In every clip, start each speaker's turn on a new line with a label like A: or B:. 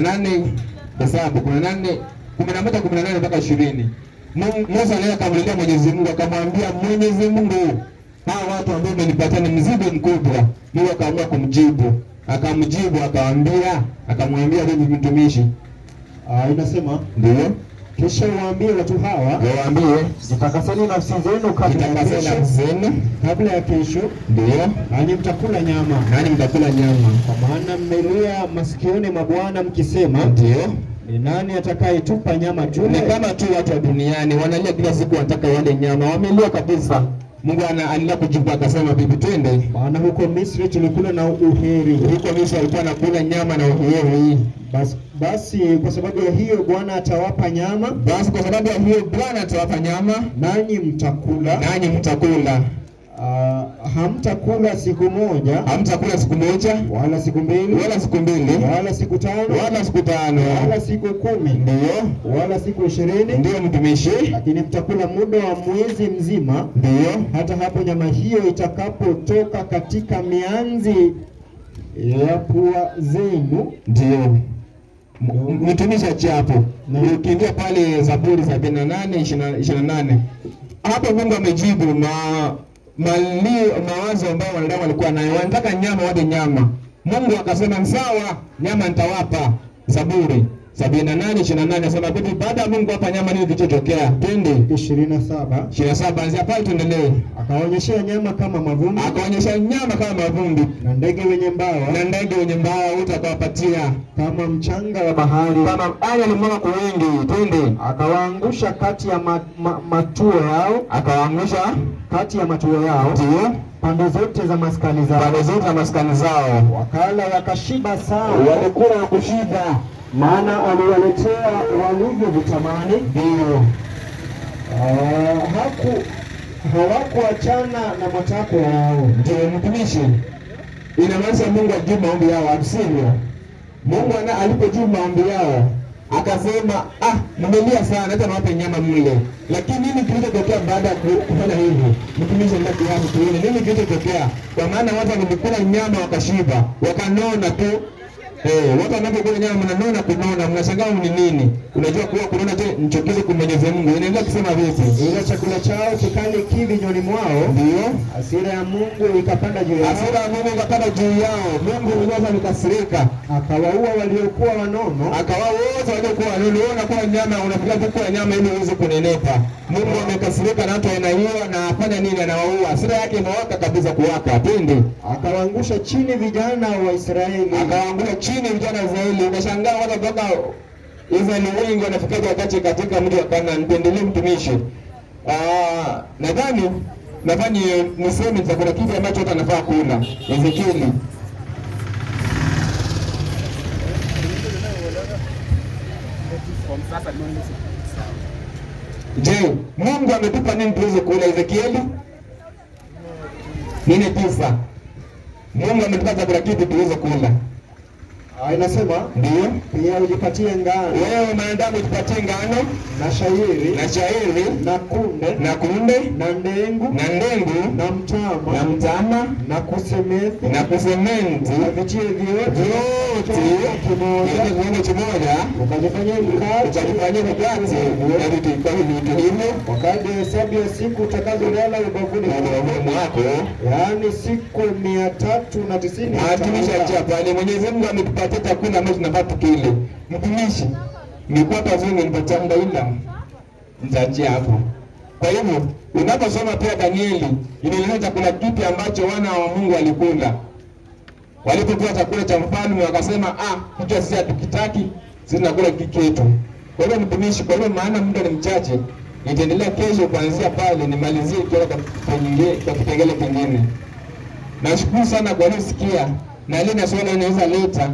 A: na nane na saba kuna nane kumi na moja kumi na nane mpaka ishirini Musa naye akamlilia Mwenyezi Mungu akamwambia, Mwenyezi Mungu, hawa watu ambao umenipatia ni mzigo mkubwa. Mungu akaamua kumjibu, akamjibu, akamwambia akamwambia, mimi mtumishi,
B: ah, inasema ndio kisha waambie watu hawa, waambie zitakaseni nafsi zenu kabla ya kesho, ndio ani mtakula nyama,
A: ani mtakula nyama,
B: kwa maana mmelia masikioni mwa Bwana mkisema, ndio ni nani atakayetupa nyama tule?
A: Ni kama tu watu wa duniani wanalia kila siku, wanataka wale nyama, wamelia kabisa. Mungu anaenda kujibu akasema, bibi, twende,
B: maana huko Misri tulikula na uheri.
A: Huko Misri alikuwa anakula nyama na uheri.
B: Bas, basi kwa sababu ya hiyo Bwana atawapa nyama,
A: basi kwa sababu ya hiyo Bwana atawapa nyama,
B: nanyi mtakula,
A: nanyi mtakula
B: Uh, hamtakula siku moja,
A: hamtakula siku moja,
B: wala siku mbili,
A: wala siku mbili,
B: wala siku tano,
A: wala siku tano,
B: wala siku kumi,
A: ndio,
B: wala siku ishirini,
A: ndio mtumishi,
B: lakini mtakula muda wa mwezi mzima, ndio, hata hapo nyama hiyo itakapotoka katika mianzi ya pua zenu,
A: ndio mtumishi achapo. Ukiingia pale Zaburi sabini na nane ishirini na nane hapo Mungu amejibu na malio mawazo ambayo wanadamu walikuwa nayo, wanataka nyama wade nyama. Mungu akasema sawa, nyama nitawapa, Zaburi sabini na nane ishirini na nane asema vipi baada ya Mungu hapa nyama nini kilichotokea? Twende
B: ishirini na saba
A: ishirini na saba anzia pale tuendelee.
B: Akaonyesha nyama kama mavumbi,
A: akaonyesha nyama kama mavumbi
B: na ndege wenye mbawa,
A: na ndege wenye mbawa wote akawapatia
B: kama mchanga wa bahari,
A: kama aya alimwaga kwa wingi. Twende
B: akawaangusha kati ya ma, ma, matuo yao,
A: akawaangusha kati ya matuo yao,
B: ndio pande zote za maskani zao,
A: pande zote za maskani zao,
B: wakala wakashiba sawa,
A: walikula wakushiba
B: maana aliwaletea vitamani ndio eh, Haku hawakuachana na matako yao.
A: Ndio mtumishi, inamaanisha Mungu ajibu maombi yao, amsivyo? Mungu ana alipojibu maombi yao akasema ah, mmelia sana, hata nawape nyama mle. Lakini nini kilichotokea baada ya kufanya hivi Mtumishi ndio kiasi tuone nini kilichotokea, kwa maana watu walikula nyama wakashiba, wakanona tu Eh, watu wanapokula nyama mnanona kunona, mnashangaa ni nini? Unajua kuwa kunona tu mchukizo kwa Mwenyezi Mungu. Inaendelea kusema vipi?
B: Ila chakula chao kikali kivi nyoni mwao, ndio hasira ya Mungu ikapanda juu
A: yao. Hasira ya Mungu ikapanda juu yao. Mungu uliwaza nikasirika,
B: akawaua waliokuwa wanono,
A: Akawaua wote waliokuwa wanono. Unaona kwa nyama unapiga kuku ya nyama ili uweze kunenepa. Mungu ah. amekasirika na watu wanaua na afanya nini? Anawaua. Hasira yake imewaka kabisa kuwaka. Pindi
B: akawaangusha chini vijana wa Israeli.
A: Akawaangusha chini vijana Israeli. Unashangaa watu kutoka Israeli wengi wanafika wakati katika mji wa Kanaani. Nipendelee mtumishi. Ah, nadhani nadhani niseme kuna kitu ambacho watu anafaa kuona. Ezekieli Je, Mungu ametupa nini tuweze kuona Ezekieli nini tisa? Mungu ametupa chakula kipi tuweze kula?
B: Ah, inasema ndio, pia ujipatie ngano.
A: Wewe umeenda kujipatia ngano
B: na shayiri
A: na shayiri
B: na kunde na kunde na ndengu
A: na ndengu
B: na mtama
A: na mtama
B: na kusementi
A: na kusementi
B: na vitie vyote
A: vyote kimoja kimoja, kimoja, ukajifanya
B: mkate ukajifanya mkate na vitu
A: vitu hivyo, wakati hesabu ya siku utakazo lala ubavuni mwako, yaani siku 390 Hatimisha cha ni Mwenyezi Mungu amekupa watoto kumi na moja na tatu kile mtumishi nilikuwa kazini, nilipatia muda ila nzaji hapo. Kwa hivyo unaposoma pia Danieli inaeleza chakula kipi ambacho wana wa Mungu walikula walipokuwa chakula cha mfalme, wakasema ah, kichwa sisi hatukitaki, sisi tunakula kiketu. Kwa hivyo mtumishi, kwa hivyo maana muda ni mchache, nitaendelea kesho kuanzia pale nimalizie kwa kipengele kwa kipengele kingine. Nashukuru sana kwa kusikia na ile swali inaweza leta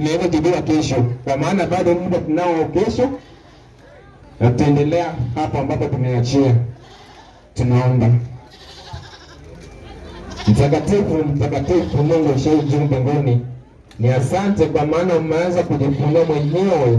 A: inaweza jibia kesho, kwa maana bado muda tunao kesho, na tutaendelea hapo ambapo tumeachia. Tunaomba mtakatifu, mtakatifu Mungu ushauri juu mbinguni, ni asante kwa maana umeanza kujifunua mwenyewe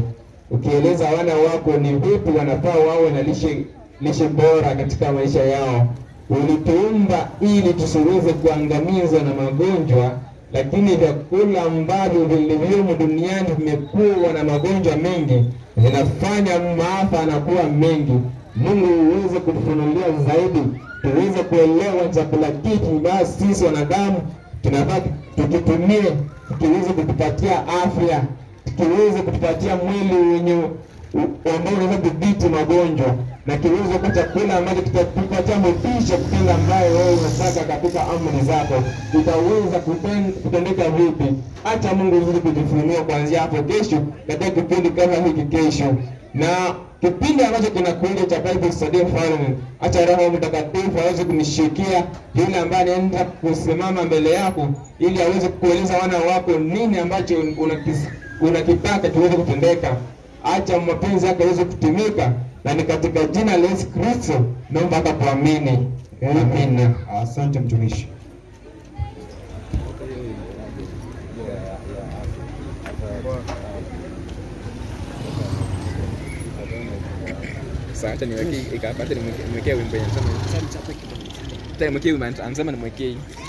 A: ukieleza wana wako ni vipi wanafaa wawe na lishe, lishe bora katika maisha yao. Ulituumba ili tusiweze kuangamizwa na magonjwa lakini vyakula ambavyo vilivyomo duniani vimekuwa na magonjwa mengi, zinafanya maafa anakuwa mengi. Mungu uweze kufunulia zaidi, tuweze kuelewa chakula kiki basi sisi wanadamu tunafaa tukitumie, tukiweze kutupatia afya, tukiweze kutupatia mwili wenye ambao unaweza kudhibiti magonjwa na kiweze kwa chakula ambacho kitakupa kitakupatia motisha kutenda ambayo wewe unataka katika amri zako, utaweza kutendeka vipi? Hata Mungu uzidi kujifunua kuanzia hapo kesho, katika kipindi kama hiki kesho na kipindi ambacho kinakuja cha Bible Study fulani, acha Roho Mtakatifu aweze kunishikia yule ambaye anaenda kusimama mbele yako, ili aweze kueleza wana wako nini ambacho unakitaka kiweze kutendeka. Acha mapenzi yake yaweze kutimika na ni katika jina la Yesu Kristo naomba kuamini. Amina. Asante mtumishi. Sasa niweke ikapata nimwekee wimbo anasema nimwekee